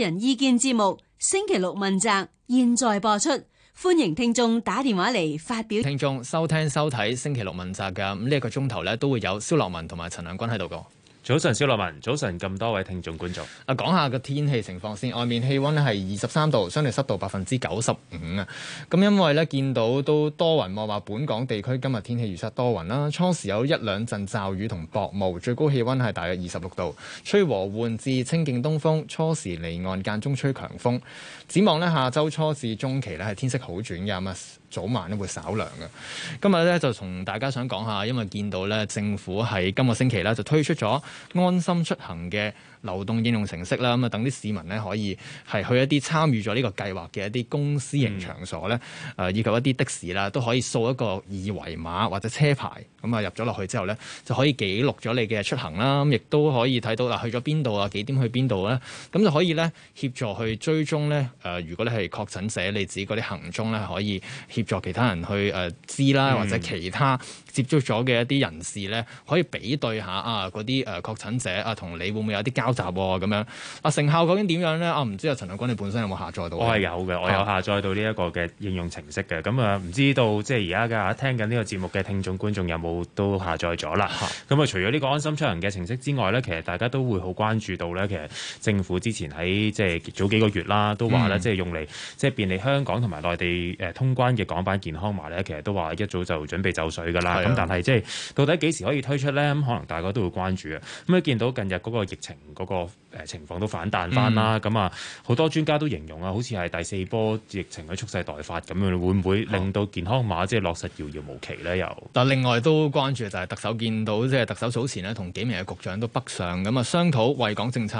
人意見節目星期六問責，現在播出，歡迎聽眾打電話嚟發表。聽眾收聽收睇星期六問責噶，咁呢一個鐘頭咧，都會有蕭樂文同埋陳亮君喺度噶。早晨，小羅文，早晨，咁多位聽眾觀眾啊，講下個天氣情況先。外面氣溫呢係二十三度，相對濕度百分之九十五啊。咁因為呢，見到都多雲霧，話本港地區今日天氣預測多雲啦。初時有一兩陣驟雨同薄霧，最高氣溫係大約二十六度，吹和緩至清勁東風。初時離岸間中吹強風，展望呢，下周初至中期呢係天色好轉噶啊。早晚咧會稍涼嘅。今日咧就同大家想講下，因為見到咧政府喺今個星期咧就推出咗安心出行嘅。流動應用程式啦，咁啊等啲市民咧可以係去一啲參與咗呢個計劃嘅一啲公私營場所咧，誒、嗯、以及一啲的士啦，都可以掃一個二維碼或者車牌，咁啊入咗落去之後咧，就可以記錄咗你嘅出行啦，咁亦都可以睇到嗱去咗邊度啊，幾點去邊度咧，咁就可以咧協助去追蹤咧，誒、呃、如果你係確診者，你自己嗰啲行蹤咧可以協助其他人去誒知啦，嗯、或者其他。接觸咗嘅一啲人士咧，可以比對下啊嗰啲誒確診者啊，同你會唔會有啲交集咁、啊、樣？啊成效究竟點樣咧？啊唔知阿陳亮君你本身有冇下載到、啊？我係有嘅，我有下載到呢一個嘅應用程式嘅。咁、嗯、啊，唔、嗯、知道即係而家嘅聽緊呢個節目嘅聽眾觀眾有冇都下載咗啦？咁啊，嗯嗯、除咗呢個安心出行嘅程式之外咧，其實大家都會好關注到咧。其實政府之前喺即係早幾個月啦，都話咧即係用嚟即係便利香港同埋內地誒通關嘅港版健康碼咧，其實都話一早就準備就緒㗎啦。咁但係即係到底幾時可以推出咧？咁可能大家都會關注嘅。咁一見到近日嗰個疫情嗰個。誒情況都反彈翻啦，咁啊好多專家都形容啊，好似係第四波疫情嘅蓄勢待發咁樣，會唔會令到健康碼的即係落實遙遙無期呢？又但另外都關注就係特首見到即係特首早前呢，同幾名嘅局長都北上，咁啊商討惠港政策。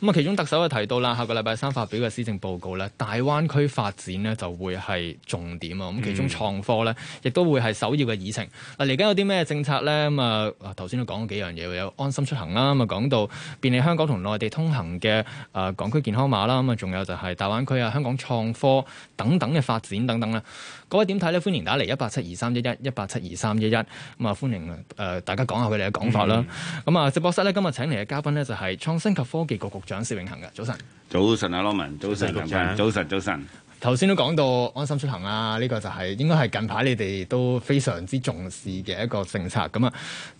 咁啊其中特首又提到啦，下個禮拜三發表嘅施政報告呢，大灣區發展呢就會係重點啊。咁、嗯、其中創科呢，亦都會係首要嘅議程。嗱嚟緊有啲咩政策呢？咁啊頭先都講過幾樣嘢，有安心出行啦，咁啊講到便利香港同內地。通行嘅誒港區健康碼啦，咁啊仲有就係大灣區啊、香港創科等等嘅發展等等咧，各位點睇咧？歡迎打嚟一八七二三一一一八七二三一一，咁啊歡迎誒大家講下佢哋嘅講法啦。咁啊、嗯、直播室咧今日請嚟嘅嘉賓咧就係創新及科技局局，局長薛永恆嘅，早晨。早晨啊，羅文，早晨，局長，早晨，早晨。頭先都講到安心出行啦，呢、這個就係應該係近排你哋都非常之重視嘅一個政策咁啊。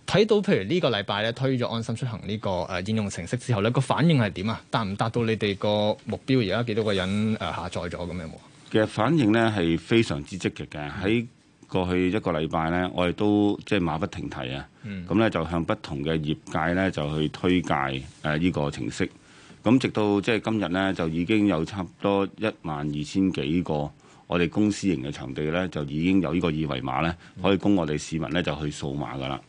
睇到譬如呢個禮拜咧推咗安心出行呢個誒應用程式之後咧，個反應係點啊？達唔達到你哋個目標？而家幾多個人誒下載咗咁樣喎？有冇？其實反應咧係非常之積極嘅。喺過去一個禮拜咧，我哋都即係馬不停蹄啊。咁咧、嗯、就向不同嘅業界咧就去推介誒呢個程式。咁直到即係今日咧，就已經有差唔多一萬二千幾個我哋公司型嘅場地咧，就已經有呢個二維碼咧，可以供我哋市民咧就去掃碼㗎喇。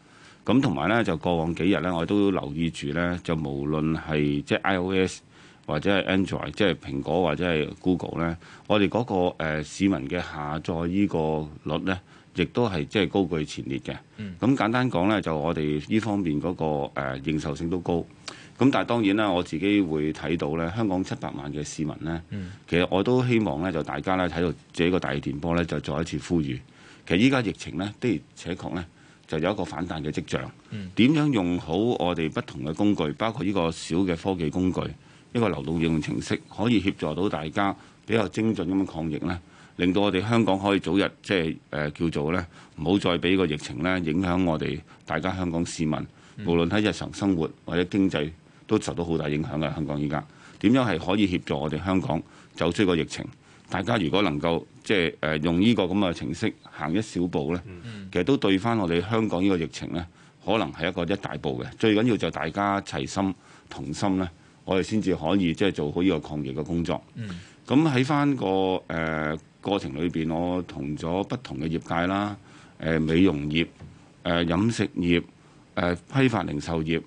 咁同埋咧，就過往幾日咧，我都留意住咧，就無、是、論係即係 iOS 或者係 Android，即係蘋果或者係 Google 咧，我哋嗰、那個、呃、市民嘅下載呢個率咧，亦都係即係高居前列嘅。咁、嗯、簡單講咧，就我哋呢方面嗰、那個誒、呃、認受性都高。咁但係當然啦，我自己會睇到咧，香港七百萬嘅市民咧，其實我都希望咧，就大家咧睇到這個大電波咧，就再一次呼籲。其實依家疫情咧，的而且確咧，就有一個反彈嘅跡象。點樣用好我哋不同嘅工具，包括呢個小嘅科技工具，一個流動應用程式，可以協助到大家比較精準咁抗疫咧，令到我哋香港可以早日即係誒叫做咧，唔好再俾個疫情咧影響我哋大家香港市民，無論喺日常生活或者經濟。都受到好大影響嘅香港依家，點樣係可以協助我哋香港走出個疫情？大家如果能夠即係誒、呃、用呢個咁嘅程式行一小步呢，其實都對翻我哋香港呢個疫情呢，可能係一個一大步嘅。最緊要就大家齊心同心呢，我哋先至可以即係做好呢個抗疫嘅工作。咁喺翻個誒、呃、過程裏邊，我同咗不同嘅業界啦，誒、呃、美容業、誒、呃、飲食業、誒、呃、批發零售業。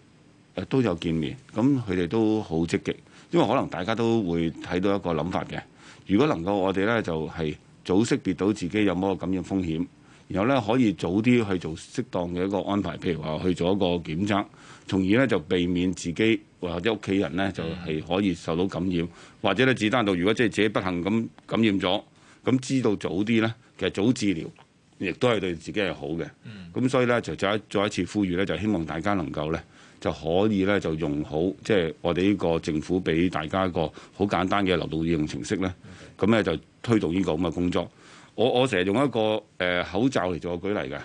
都有見面，咁佢哋都好積極，因為可能大家都會睇到一個諗法嘅。如果能夠我哋咧就係早識別到自己有冇感染風險，然後咧可以早啲去做適當嘅一個安排，譬如話去做一個檢測，從而咧就避免自己或者屋企人咧就係可以受到感染，或者咧自擔到如果即係自己不幸咁感染咗，咁知道早啲咧其實早治療亦都係對自己係好嘅。咁所以咧就再一再一次呼籲咧，就希望大家能夠咧。就可以咧就用好，即係我哋呢個政府俾大家一個好簡單嘅流動應用程式咧，咁咧就推動呢個咁嘅工作。我我成日用一個誒口罩嚟做個舉例嘅。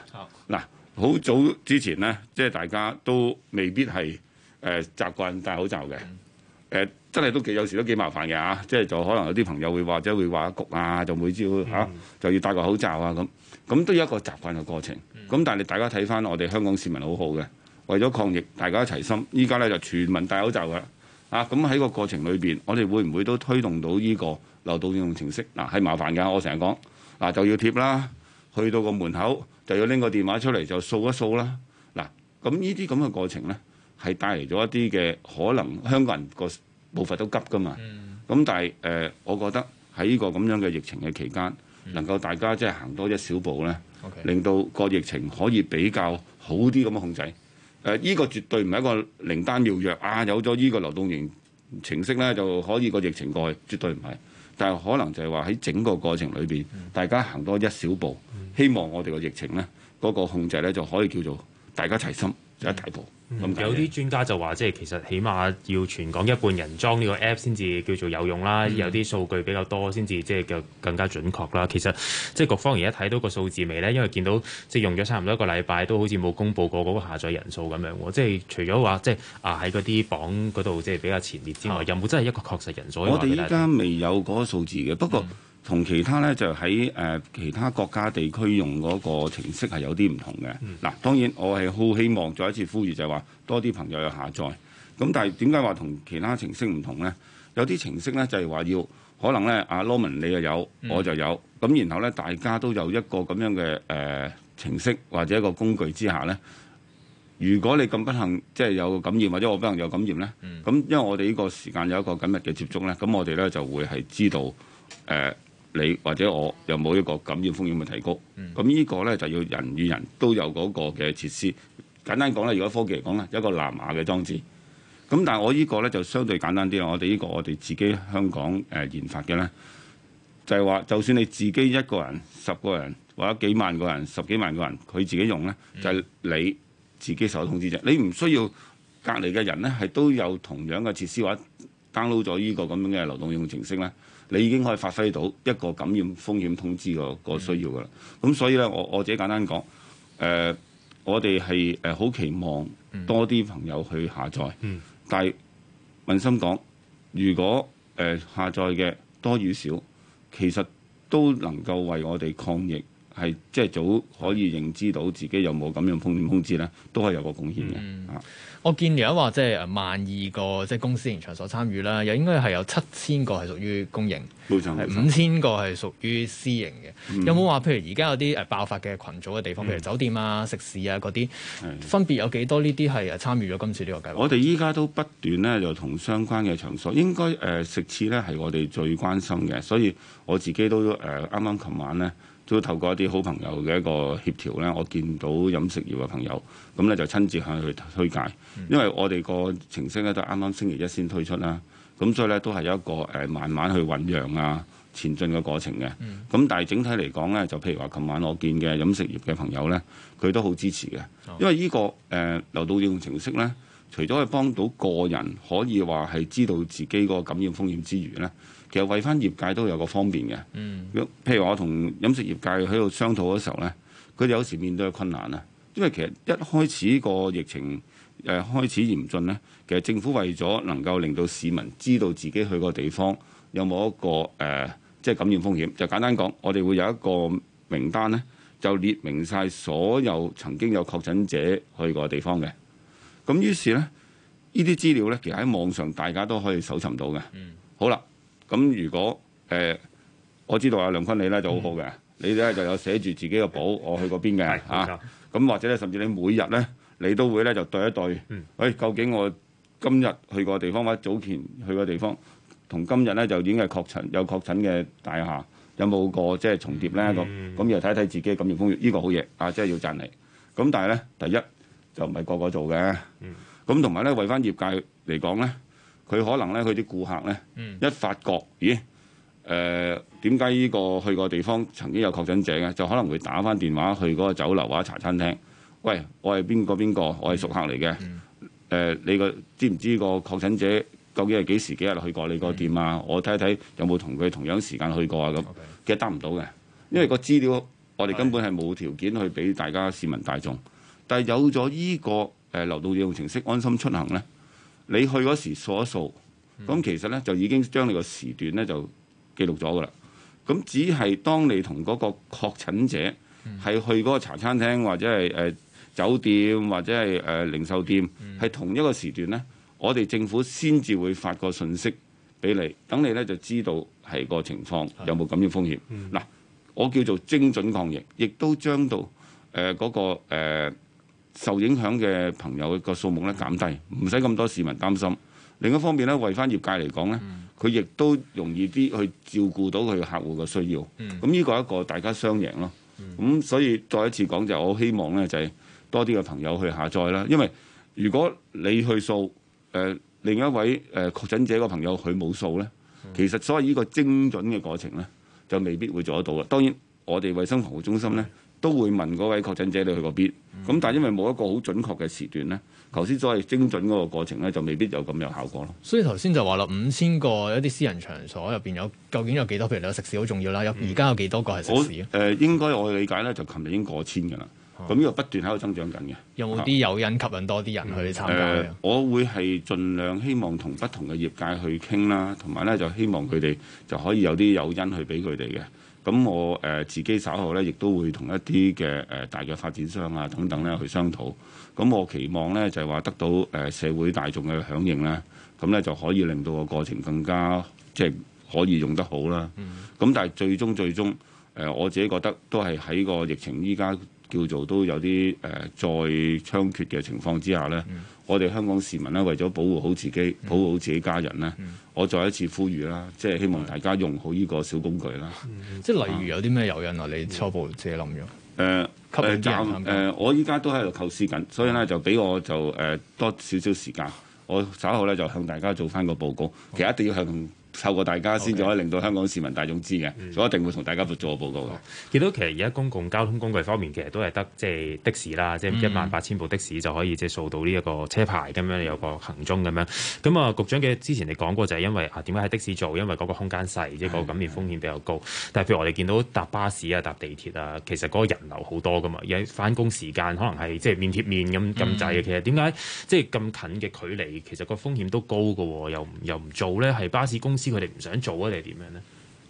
嗱、啊，好早之前咧，即係大家都未必係誒習慣戴口罩嘅。誒、嗯呃、真係都幾有時都幾麻煩嘅啊！即係就可能有啲朋友會或者會話焗啊，就每朝嚇、啊、就要戴個口罩啊咁。咁都有一個習慣嘅過程。咁、嗯、但係大家睇翻我哋香港市民好好嘅。為咗抗疫，大家一齊心。依家咧就全民戴口罩㗎啦啊！咁喺個過程裏邊，我哋會唔會都推動到呢個流動應用程式？嗱、啊，係麻煩㗎，我成日講嗱，就要貼啦，去到個門口就要拎個電話出嚟就掃一掃啦。嗱、啊，咁呢啲咁嘅過程呢，係帶嚟咗一啲嘅可能，香港人個步伐都急噶嘛。咁、嗯、但係誒、呃，我覺得喺呢個咁樣嘅疫情嘅期間，嗯、能夠大家即係行多一小步呢，Okay. 令到個疫情可以比較好啲咁嘅控制。誒，呢個絕對唔係一個靈丹妙藥啊！有咗呢個流動型程式咧，就可以個疫情過去，絕對唔係。但係可能就係話喺整個過程裏邊，大家行多一小步，希望我哋個疫情咧，嗰個控制咧就可以叫做大家齊心。嗯、有解有啲專家就話，即係其實起碼要全港一半人裝呢個 app 先至叫做有用啦，嗯、有啲數據比較多先至即係叫做更加準確啦。其實即係、就是、各方而家睇到個數字未呢？因為見到即係、就是、用咗差唔多一個禮拜都好似冇公布過嗰個下載人數咁樣。即係除咗話即係啊喺嗰啲榜嗰度即係比較前列之外，啊、有冇真係一個確實人數？我哋依家未有嗰個數字嘅，嗯、不過。同其他咧就喺、是、誒、呃、其他國家地區用嗰個程式係有啲唔同嘅。嗱、嗯，當然我係好希望再一次呼籲就係話多啲朋友有下載。咁但係點解話同其他程式唔同咧？有啲程式咧就係話要可能咧，阿、啊、Norman 你又有，我就有。咁、嗯、然後咧，大家都有一個咁樣嘅誒、呃、程式或者一個工具之下咧，如果你咁不幸即係、就是、有感染，或者我不幸有感染咧，咁、嗯、因為我哋呢個時間有一個緊密嘅接觸咧，咁我哋咧就會係知道誒。呃呃你或者我有冇一個感染風險嘅提高，咁呢、嗯、個呢，就要人與人都有嗰個嘅設施。簡單講呢，如果科技嚟講呢，一個藍牙嘅裝置。咁但係我呢個呢，就相對簡單啲啦。我哋呢、這個我哋自己香港誒、呃、研發嘅呢，就係、是、話就算你自己一個人、十個人或者幾萬個人、十幾萬個人，佢自己用呢，嗯、就係你自己收通知啫。你唔需要隔離嘅人呢，係都有同樣嘅設施或者 download 咗呢個咁樣嘅流動應用程式呢。你已經可以發揮到一個感染風險通知個個需要噶啦。咁所以咧，我我自己簡單講，誒、呃，我哋係誒好期望多啲朋友去下載，嗯、但係問心講，如果誒、呃、下載嘅多與少，其實都能夠為我哋抗疫。係即係早可以認知到自己有冇咁樣風險控制咧，都係有個貢獻嘅。嗯，啊、我見而家話即係誒萬二個即係、就是、公私營場所參與啦，又應該係有七千個係屬於公營，冇錯，五千個係屬於私營嘅。嗯、有冇話譬如而家有啲誒爆發嘅群組嘅地方，嗯、譬如酒店啊、食肆啊嗰啲，的分別有幾多呢？啲係誒參與咗今次呢個計劃？我哋依家都不斷咧，就同相關嘅場所應該誒、呃、食肆咧係我哋最關心嘅，所以我自己都誒啱啱琴晚咧。呢都透過一啲好朋友嘅一個協調咧，我見到飲食業嘅朋友，咁咧就親自向佢推介，因為我哋個程式咧都啱啱星期一先推出啦，咁所以咧都係有一個誒慢慢去醖釀啊前進嘅過程嘅。咁但係整體嚟講咧，就譬如話，琴晚我見嘅飲食業嘅朋友咧，佢都好支持嘅，因為呢個誒流動應用程式咧，除咗可以幫到個人可以話係知道自己個感染風險之餘咧。其實為翻業界都有個方便嘅。譬如我同飲食業界喺度商討嘅時候咧，佢哋有時面對嘅困難啊。因為其實一開始個疫情誒開始嚴峻咧，其實政府為咗能夠令到市民知道自己去個地方有冇一個誒即係感染風險，就簡單講，我哋會有一個名單咧，就列明晒所有曾經有確診者去過地方嘅。咁於是咧，呢啲資料咧，其實喺網上大家都可以搜尋到嘅。好啦。咁如果誒、呃，我知道阿梁坤你咧就好好嘅，你咧就，就有寫住自己嘅簿， 我去過邊嘅嚇，咁、 啊、或者咧甚至你每日咧，你都會咧就對一對，誒、欸、究竟我今日去過地方或者早前去過地方，同 今日咧就已經係確診有確診嘅大廈，有冇個即係、就是、重疊咧？咁咁又睇一睇自己嘅感染風險，呢、這個好嘢，啊，即、就、係、是、要讚你。咁但係咧，第一就唔係個做 個個做嘅，咁同埋咧為翻業界嚟講咧。佢可能咧，佢啲顧客咧，一發覺，嗯、咦？誒、呃，點解呢個去個地方曾經有確診者嘅，就可能會打返電話去嗰個酒樓或者茶餐廳。喂，我係邊個邊個？我係熟客嚟嘅。誒、嗯呃，你個知唔知個確診者究竟係幾時幾日去過你個店啊？嗯、我睇一睇有冇同佢同樣時間去過啊？咁其實答唔到嘅，因為個資料我哋根本係冇條件去俾大家市民大眾。但係有咗依個誒流動應用程式安心出行咧。你去嗰時掃一掃，咁、嗯、其實呢，就已經將你個時段呢就記錄咗㗎啦。咁只係當你同嗰個確診者係去嗰個茶餐廳或者係誒、呃、酒店或者係誒、呃、零售店係、嗯、同一個時段呢，我哋政府先至會發個訊息俾你，等你呢就知道係個情況有冇感染風險。嗱、嗯，我叫做精準抗疫，亦都將到誒嗰、呃那個、呃受影響嘅朋友個數目咧減低，唔使咁多市民擔心。另一方面咧，為翻業界嚟講咧，佢亦、嗯、都容易啲去照顧到佢客戶嘅需要。咁呢、嗯、個一個大家雙贏咯。咁、嗯、所以再一次講就我希望咧就係多啲嘅朋友去下載啦。因為如果你去掃，誒、呃、另一位誒確診者個朋友佢冇掃咧，嗯、其實所謂呢個精準嘅過程咧，就未必會做得到啦。當然，我哋衞生防護中心咧。都會問嗰位確診者，你去過邊？咁但係因為冇一個好準確嘅時段咧，頭先所謂精準嗰個過程咧，就未必有咁有效果咯。所以頭先就話啦，五千個一啲私人場所入邊有，究竟有幾多？譬如你有食肆好重要啦，有而家有幾多個係食肆啊？誒、呃，應該我嘅理解咧，就琴日已經過千㗎啦。咁呢個、啊、不斷喺度增長緊嘅。有冇啲誘因吸引多啲人去參加、呃、我會係盡量希望同不同嘅業界去傾啦，同埋咧就希望佢哋就可以有啲誘因去俾佢哋嘅。咁我誒自己稍後咧，亦都會同一啲嘅誒大嘅發展商啊等等咧去商討。咁我期望咧就係、是、話得到誒、呃、社會大眾嘅響應咧，咁咧就可以令到個過程更加即係可以用得好啦。咁但係最終最終誒、呃、我自己覺得都係喺個疫情依家叫做都有啲誒、呃、再猖獗嘅情況之下咧。嗯我哋香港市民咧，為咗保護好自己，保護好自己家人咧，嗯、我再一次呼籲啦，即係希望大家用好呢個小工具啦。即係、嗯啊、例如有啲咩誘因啊，你初步自己諗咗。誒、呃，誒誒、呃，我依家都喺度構思緊，所以咧就俾我就誒多少少時間，我稍後咧就向大家做返個報告。其實一定要向。透過大家先就可以令到香港市民大眾知嘅，所以 Okay. 一定會同大家做個報告。見、嗯、到其實而家公共交通工具方面，其實都係得即係、就是、的士啦，即係一萬八千部的士就可以即係掃到呢一個車牌咁樣有個行蹤咁樣。咁啊，局長嘅之前你講過就係因為啊點解喺的士做？因為嗰個空間細，即、就、係、是、個感染風險比較高。嗯、但係譬如我哋見到搭巴士啊、搭地鐵啊，其實嗰個人流好多㗎嘛，而家返工時間可能係即係面貼面咁咁滯。嗯、其實點解即係咁近嘅距離，其實個風險都高嘅、啊，又又唔做咧？係巴士公司。知佢哋唔想做啊，定係點樣咧？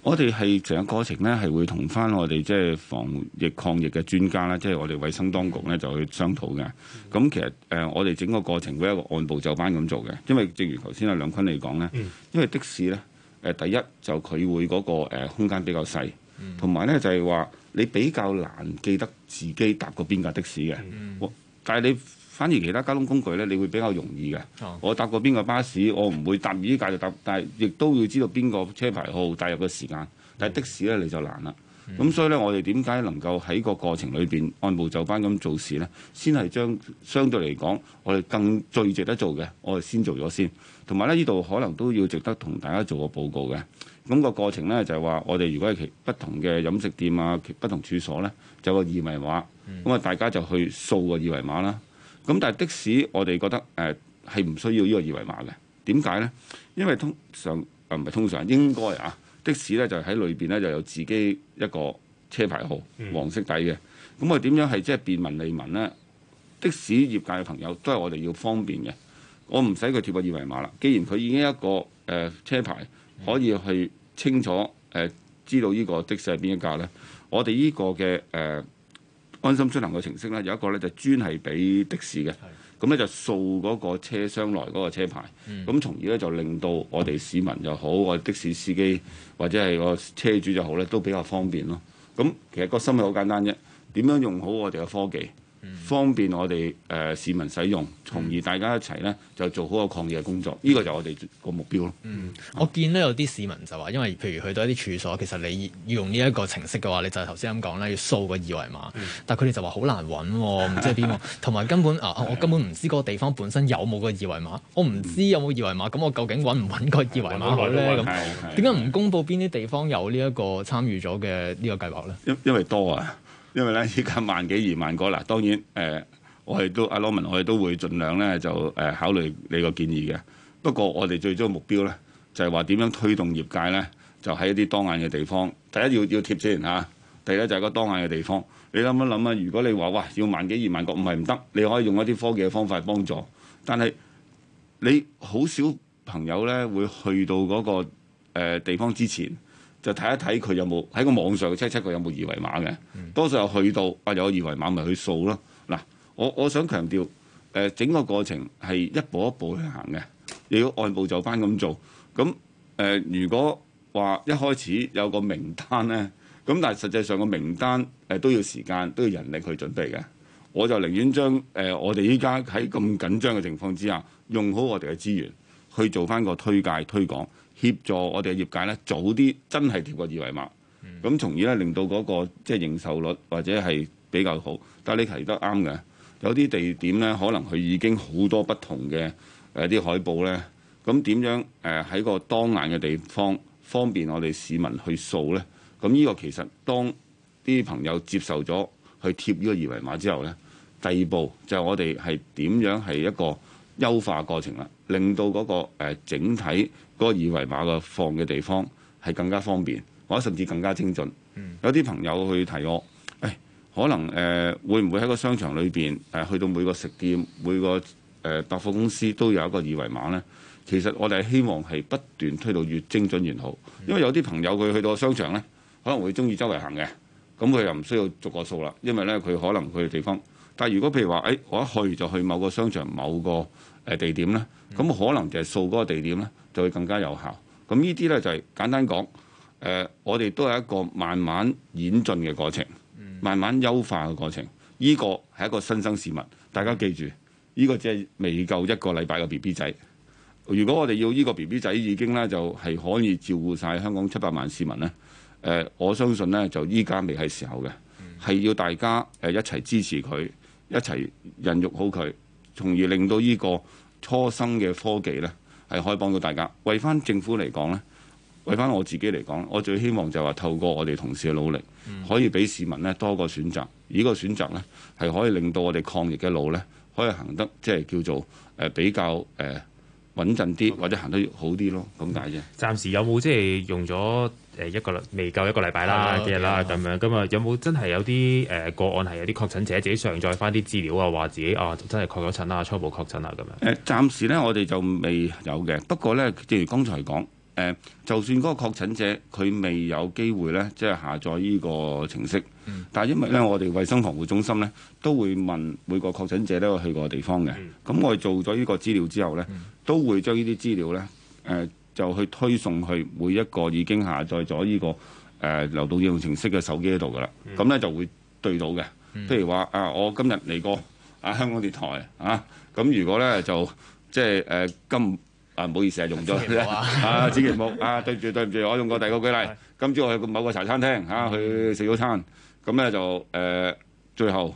我哋係成個過程咧，係會同翻我哋即係防疫抗疫嘅專家啦，即係我哋衛生當局咧，就去商討嘅。咁其實誒，我哋整個過程會一個按部就班咁做嘅。因為正如頭先阿梁坤嚟講咧，嗯、因為的士咧，誒，第一就佢會嗰個誒空間比較細，同埋咧就係話你比較難記得自己搭過邊架的士嘅。嗯嗯、但係你。反而其他交通工具呢，你會比較容易嘅。哦、我搭過邊個巴士，我唔會搭依架就搭，但係亦都要知道邊個車牌號帶入嘅時間。但係的士呢，你就難啦。咁、嗯、所以呢，我哋點解能夠喺個過程裏邊按部就班咁做事呢？先係將相對嚟講，我哋更最值得做嘅，我哋先做咗先。同埋呢依度可能都要值得同大家做個報告嘅。咁、那個過程呢，就係話，我哋如果係其不同嘅飲食店啊、其不同處所呢，就有個二維碼，咁啊、嗯、大家就去掃個二維碼啦。咁但係的士我哋覺得誒，係唔需要呢個二維碼嘅，點解呢？因為通常啊，唔係通常應該啊，的士咧就喺裏邊咧就有自己一個車牌號黃色底嘅。咁我點樣係即係便民利民呢？的士業界嘅朋友都係我哋要方便嘅，我唔使佢貼個二維碼啦。既然佢已經一個誒、呃、車牌可以去清楚誒、呃，知道呢個的士係邊一架呢，我哋呢個嘅誒。呃安心出行嘅程式咧，有一個咧就專係俾的士嘅，咁咧就掃嗰個車廂內嗰個車牌，咁從而咧就令到我哋市民又好，我哋的士司機或者係個車主就好咧，都比較方便咯。咁其實個心係好簡單啫，點樣用好我哋嘅科技？方便我哋誒、呃、市民使用，從而大家一齊咧就做好個抗疫嘅工作，呢、這個就我哋個目標咯。嗯，哦、我見咧有啲市民就話，因為譬如去到一啲處所，其實你要用呢一個程式嘅話，你就係頭先咁講咧，要掃個二維碼。嗯、但係佢哋就話好難揾、哦，唔知係邊個，同埋 根本啊，我根本唔知嗰個地方本身有冇個二維碼，我唔知有冇二維碼，咁、嗯、我究竟揾唔揾個二維碼去咧？咁點解唔公佈邊啲地方有呢一個參與咗嘅呢個計劃咧？因因為多啊。因為咧，依家萬幾二萬個啦，當然誒、呃，我哋都阿羅文，我哋都會盡量咧就誒、呃、考慮你個建議嘅。不過我哋最終目標咧，就係話點樣推動業界咧，就喺一啲當眼嘅地方。第一要要貼先嚇、啊，第二就係個當眼嘅地方。你諗一諗啊，如果你話哇要萬幾二萬個唔係唔得，你可以用一啲科技嘅方法幫助，但係你好少朋友咧會去到嗰、那個、呃、地方之前就睇一睇佢有冇喺個網上，嘅七七佢有冇二維碼嘅？多數有去到，啊，有二維碼咪去掃咯。嗱，我我想強調，誒整個過程係一步一步去行嘅，你要按部就班咁做。咁誒，如果話一開始有個名單咧，咁但係實際上個名單誒都要時間，都要人力去準備嘅。我就寧願將誒我哋依家喺咁緊張嘅情況之下，用好我哋嘅資源去做翻個推介推廣，協助我哋嘅業界咧，早啲真係貼個二維碼，咁從、嗯、而咧令到嗰、那個即係認受率或者係比較好。但係你提得啱嘅，有啲地點咧，可能佢已經好多不同嘅誒啲海報咧，咁點樣誒喺、呃、個當眼嘅地方方便我哋市民去掃咧？咁呢個其實當啲朋友接受咗去貼呢個二維碼之後咧，第二步就係我哋係點樣係一個。優化過程啦，令到嗰個整體嗰個二維碼嘅放嘅地方係更加方便，或者甚至更加精準。Mm. 有啲朋友去提我，哎、可能誒、呃、會唔會喺個商場裏邊誒去到每個食店、每個誒、呃、百貨公司都有一個二維碼呢？其實我哋希望係不斷推到越精準越好，因為有啲朋友佢去到商場呢，可能會中意周圍行嘅，咁佢又唔需要逐個數啦，因為呢，佢可能佢嘅地方。但係如果譬如話，誒、哎、我一去就去某個商場某個。誒地點咧，咁可能就係掃嗰個地點咧，就會更加有效。咁呢啲咧就係、是、簡單講，誒、呃、我哋都係一個慢慢演進嘅過程，慢慢優化嘅過程。呢、這個係一個新生事物，大家記住，呢、這個只係未夠一個禮拜嘅 BB 仔。如果我哋要呢個 BB 仔已經咧就係可以照顧晒香港七百萬市民咧，誒、呃、我相信咧就依家未係時候嘅，係要大家誒一齊支持佢，一齊孕育好佢。從而令到呢個初生嘅科技呢，係可以幫到大家。為翻政府嚟講呢，為翻我自己嚟講，我最希望就係話透過我哋同事嘅努力，可以俾市民呢多個選擇。而個選擇呢，係可以令到我哋抗疫嘅路呢，可以行得即係叫做誒、呃、比較誒，呃穩陣啲或者行得好啲咯，咁解啫。暫時有冇即係用咗誒一個未夠一個禮拜啦幾日啦咁樣，咁啊有冇真係有啲誒個案係有啲確診者自己上載翻啲資料啊，話自己啊真係確咗診啦，初步確診啦咁樣？誒，嗯、暫時咧我哋就未有嘅，不過咧正如剛才講。誒、呃，就算嗰個確診者佢未有機會咧，即、就、係、是、下載呢個程式，但係因為咧，我哋衞生防護中心咧都會問每個確診者咧去過地方嘅，咁、嗯、我哋做咗呢個資料之後咧，嗯、都會將呢啲資料咧，誒、呃、就去推送去每一個已經下載咗呢個誒、呃、流動應用程式嘅手機度㗎喇，咁咧、嗯、就會對到嘅。譬如話啊，我今日嚟過啊香港電台啊，咁如果咧就即係誒今啊，唔好意思啊，用咗啊，紙條木啊，對唔住對唔住，我用過第二個舉例。是的 今朝我去某個茶餐廳，嚇去食早餐，咁咧就誒、呃、最後，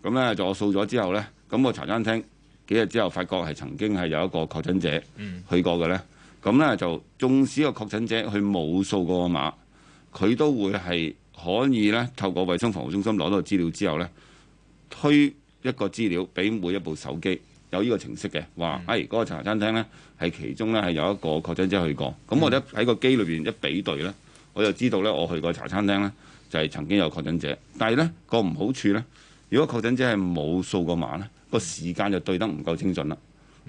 咁咧就我掃咗之後咧，咁、那個茶餐廳幾日之後發覺係曾經係有一個確診者去過嘅咧，咁咧、嗯、就縱使個確診者佢冇掃過個碼，佢都會係可以咧透過衞生防護中心攞到資料之後咧，推一個資料俾每一部手機。有呢個程式嘅，話誒嗰個茶餐廳呢係其中呢，係有一個確診者去過，咁我哋喺、嗯、個機裏邊一比對呢，我就知道呢，我去過茶餐廳呢，就係、是、曾經有確診者。但係呢、個唔好處呢，如果確診者係冇掃個碼呢，個時間就對得唔夠精準啦。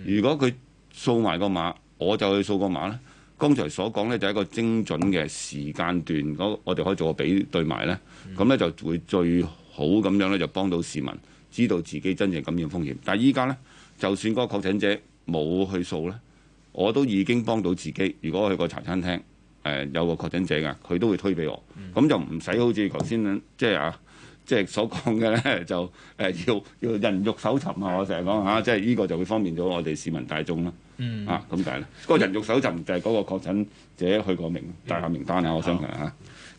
如果佢掃埋個碼，我就去掃個碼呢。剛才所講呢，就係、是、一個精準嘅時間段，嗰、我哋可以做個比對埋呢。咁、嗯、呢就會最好咁樣呢，就幫到市民知道自己真正感染風險。但係依家呢。就算嗰個確診者冇去掃咧，我都已經幫到自己。如果去個茶餐廳，誒、呃、有個確診者嘅，佢都會推俾我，咁、嗯、就唔使好似頭先即係啊，即係所講嘅咧，就誒、是就是就是、要要人肉搜尋、嗯、啊！我成日講嚇，即係呢個就會方便到我哋市民大眾啦。嗯、啊，咁解啦。嗰、那個、人肉搜尋就係嗰個確診者去個名、大、嗯、下名單啊！嗯、我相信嚇。嗯嗯、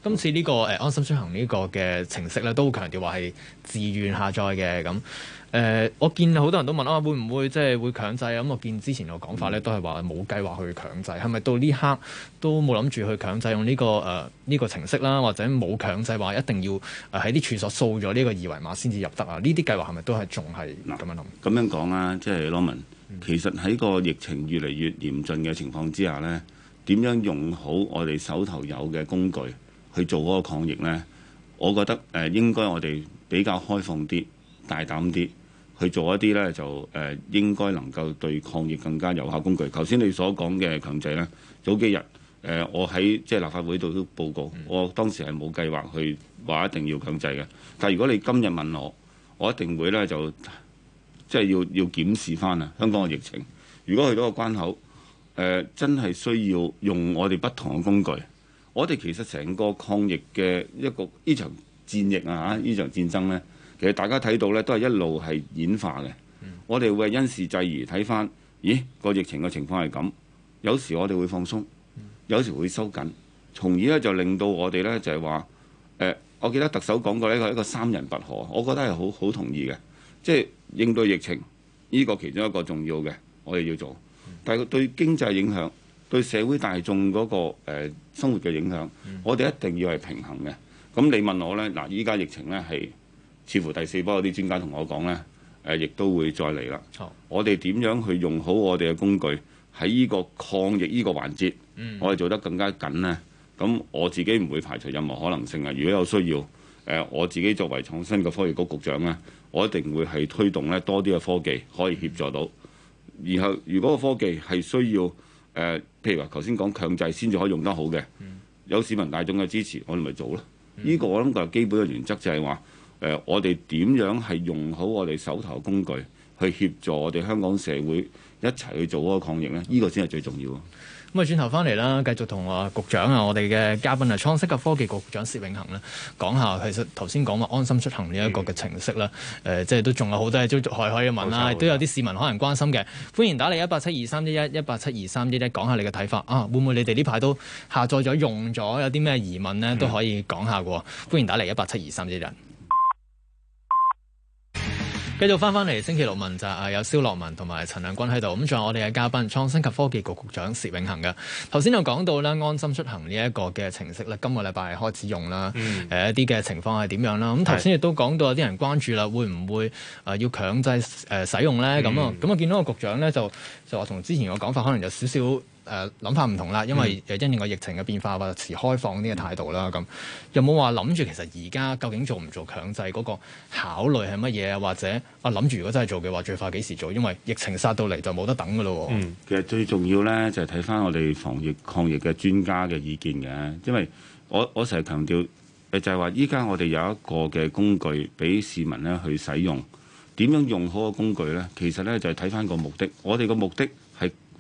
今次呢、這個誒、嗯、安心出行呢個嘅程式咧，都強調話係自願下載嘅咁。誒、呃，我見好多人都問啊，會唔會即係會強制啊？咁、嗯、我見之前個講法咧，都係話冇計劃去強制，係咪到呢刻都冇諗住去強制用呢、這個誒呢、呃這個程式啦，或者冇強制話一定要喺啲處所掃咗呢個二維碼先至入得啊？呢啲計劃係咪都係仲係咁樣諗？咁樣講啦，即係羅文，Norman, 其實喺個疫情越嚟越嚴峻嘅情況之下呢，點樣用好我哋手頭有嘅工具去做嗰個抗疫呢？我覺得誒、呃、應該我哋比較開放啲、大膽啲。去做一啲呢，就誒、呃、應該能夠對抗疫更加有效工具。頭先你所講嘅強制呢，早幾日誒、呃、我喺即係立法會度都報告，我當時係冇計劃去話一定要強制嘅。但係如果你今日問我，我一定會呢，就即係要要檢視翻啊香港嘅疫情。如果去到個關口誒、呃，真係需要用我哋不同嘅工具。我哋其實成個抗疫嘅一個呢場戰役啊，呢場戰爭呢。其實大家睇到呢都係一路係演化嘅。Mm. 我哋會係因事制宜睇翻，咦個疫情嘅情況係咁。有時我哋會放鬆，有時會收緊，從而呢就令到我哋呢就係、是、話，呃，我記得特首講過呢個一個三人不可，我覺得係好好同意嘅。即係應對疫情呢個其中一個重要嘅，我哋要做。但係對經濟影響、對社會大眾嗰個，呃，生活嘅影響，我哋一定要係平衡嘅。咁你問我呢？嗱依家疫情呢係。似乎第四波嗰啲專家同我講呢，誒、呃，亦都會再嚟啦。Oh. 我哋點樣去用好我哋嘅工具喺呢個抗疫呢個環節，mm. 我哋做得更加緊呢。咁我自己唔會排除任何可能性啊。如果有需要，誒、呃，我自己作為創新嘅科技局局長呢，我一定會係推動呢多啲嘅科技可以協助到。然後、mm.，如果個科技係需要誒、呃，譬如話頭先講強制先至可以用得好嘅，有市民大眾嘅支持，我哋咪做咯。呢、mm. 個我諗就係基本嘅原則就，就係話。誒、呃，我哋點樣係用好我哋手頭工具去協助我哋香港社會一齊去做嗰個抗疫呢？呢、這個先係最重要。咁啊，轉頭翻嚟啦，繼續同啊局長啊，我哋嘅嘉賓啊，創科嘅科技局局長薛永恒咧，講下其實頭先講話安心出行呢一個嘅程式啦，誒、嗯呃，即係都仲有好多嘢都可可以問啦，都、嗯、有啲市民可能關心嘅，歡迎打嚟一八七二三一一一八七二三一一，講下你嘅睇法啊，會唔會你哋呢排都下載咗用咗，有啲咩疑問呢都可以講下嘅，嗯、歡迎打嚟一八七二三一一。繼續翻翻嚟星期六問責啊，有蕭樂文同埋陳亮軍喺度，咁仲有我哋嘅嘉賓，創新及科技局局長薛永恒嘅。頭先又講到呢安心出行呢一個嘅程式咧，今個禮拜開始用啦，誒一啲嘅情況係點樣啦？咁頭先亦都講到有啲人關注啦，會唔會誒、呃、要強制誒使用呢？咁啊，咁啊見到個局長呢，就就話同之前嘅講法可能有少少。誒諗法唔同啦，因為因應個疫情嘅變化或持開放呢個態度啦，咁、嗯、有冇話諗住其實而家究竟做唔做強制嗰個考慮係乜嘢啊？或者啊諗住如果真係做嘅話，最快幾時做？因為疫情殺到嚟就冇得等噶咯。嗯，其實最重要咧就係睇翻我哋防疫抗疫嘅專家嘅意見嘅，因為我我成日強調誒就係話，依家我哋有一個嘅工具俾市民咧去使用，點樣用好個工具咧？其實咧就係睇翻個目的，我哋個目的。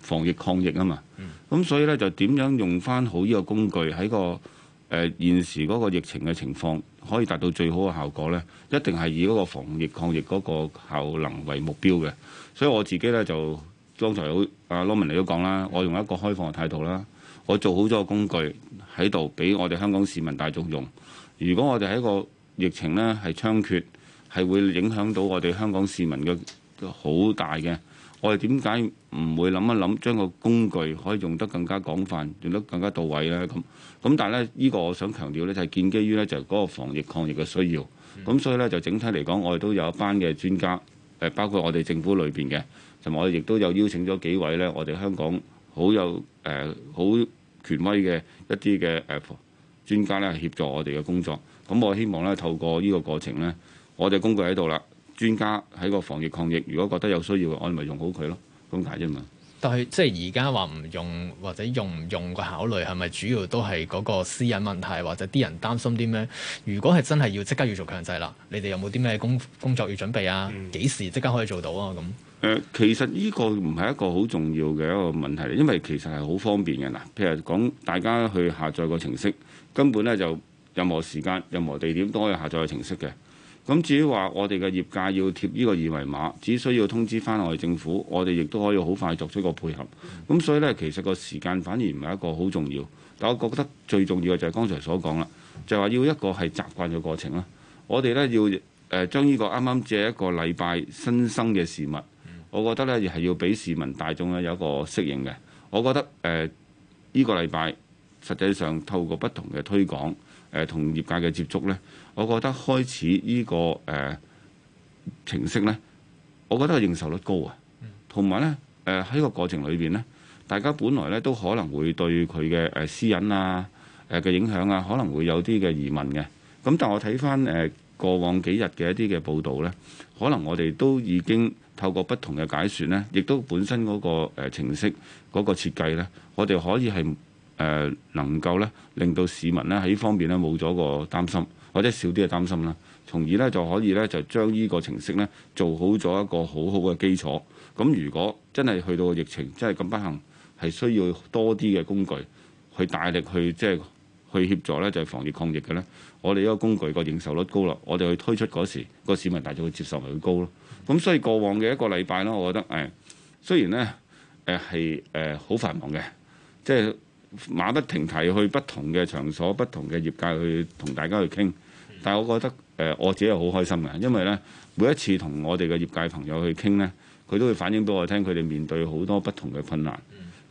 防疫抗疫啊嘛，咁、嗯、所以咧就點樣用翻好呢個工具喺個誒、呃、現時嗰個疫情嘅情況，可以達到最好嘅效果咧，一定係以嗰個防疫抗疫嗰個效能為目標嘅。所以我自己咧就剛才好阿羅文你都講啦，我用一個開放嘅態度啦，我做好咗個工具喺度俾我哋香港市民大眾用。如果我哋喺個疫情咧係猖獗，係會影響到我哋香港市民嘅好大嘅。我哋點解唔會諗一諗將個工具可以用得更加廣泛，用得更加到位呢？咁咁，但係呢呢個我想強調呢，就係建基於呢，就係嗰個防疫抗疫嘅需要。咁、嗯、所以呢，就整體嚟講，我哋都有一班嘅專家，包括我哋政府裏邊嘅，同埋我哋亦都有邀請咗幾位呢，我哋香港好有誒好、呃、權威嘅一啲嘅誒專家呢，協助我哋嘅工作。咁我希望呢，透過呢個過程呢，我哋工具喺度啦。專家喺個防疫抗疫，如果覺得有需要，我咪用好佢咯，咁解啫嘛。但係即係而家話唔用或者用唔用個考慮係咪主要都係嗰個私隱問題，或者啲人擔心啲咩？如果係真係要即刻要做強制啦，你哋有冇啲咩工工作要準備啊？幾、嗯、時即刻可以做到啊？咁誒、呃，其實呢個唔係一個好重要嘅一個問題，因為其實係好方便嘅嗱。譬如講，大家去下載個程式，根本咧就任何時間、任何地點都可以下載個程式嘅。咁至於話我哋嘅業界要貼呢個二維碼，只需要通知翻我哋政府，我哋亦都可以好快作出個配合。咁所以呢，其實個時間反而唔係一個好重要。但我覺得最重要嘅就係剛才所講啦，就係話要一個係習慣嘅過程啦。我哋呢要誒將呢個啱啱借一個禮拜新生嘅事物，我覺得呢，亦係要俾市民大眾呢有一個適應嘅。我覺得誒呢個禮拜實際上透過不同嘅推廣誒同業界嘅接觸呢。我覺得開始呢、呢個誒、呃、程式呢，我覺得認受率高啊，同埋呢，誒、呃、喺個過程裏邊呢，大家本來呢都可能會對佢嘅誒私隱啊、嘅、呃呃、影響啊，可能會有啲嘅疑問嘅。咁，但我睇翻誒過往幾日嘅一啲嘅報道呢，可能我哋都已經透過不同嘅解説呢，亦都本身嗰個程式嗰、嗰個設計咧，我哋可以係誒、呃、能夠呢令到市民呢喺呢方面呢冇咗個擔心。或者少啲嘅擔心啦，從而咧就可以咧就將呢個程式咧做好咗一個好好嘅基礎。咁如果真係去到疫情真係咁不幸，係需要多啲嘅工具去大力去即係、就是、去協助咧就係、是、防疫抗疫嘅咧，我哋一個工具個認受率高啦，我哋去推出嗰時個市民大眾會接受會高咯。咁所以過往嘅一個禮拜咧，我覺得誒、哎、雖然咧誒係誒好繁忙嘅，即係。馬不停蹄去不同嘅場所、不同嘅業界去同大家去傾，但係我覺得誒、呃、我自己係好開心嘅，因為呢，每一次同我哋嘅業界朋友去傾呢，佢都會反映俾我聽，佢哋面對好多不同嘅困難，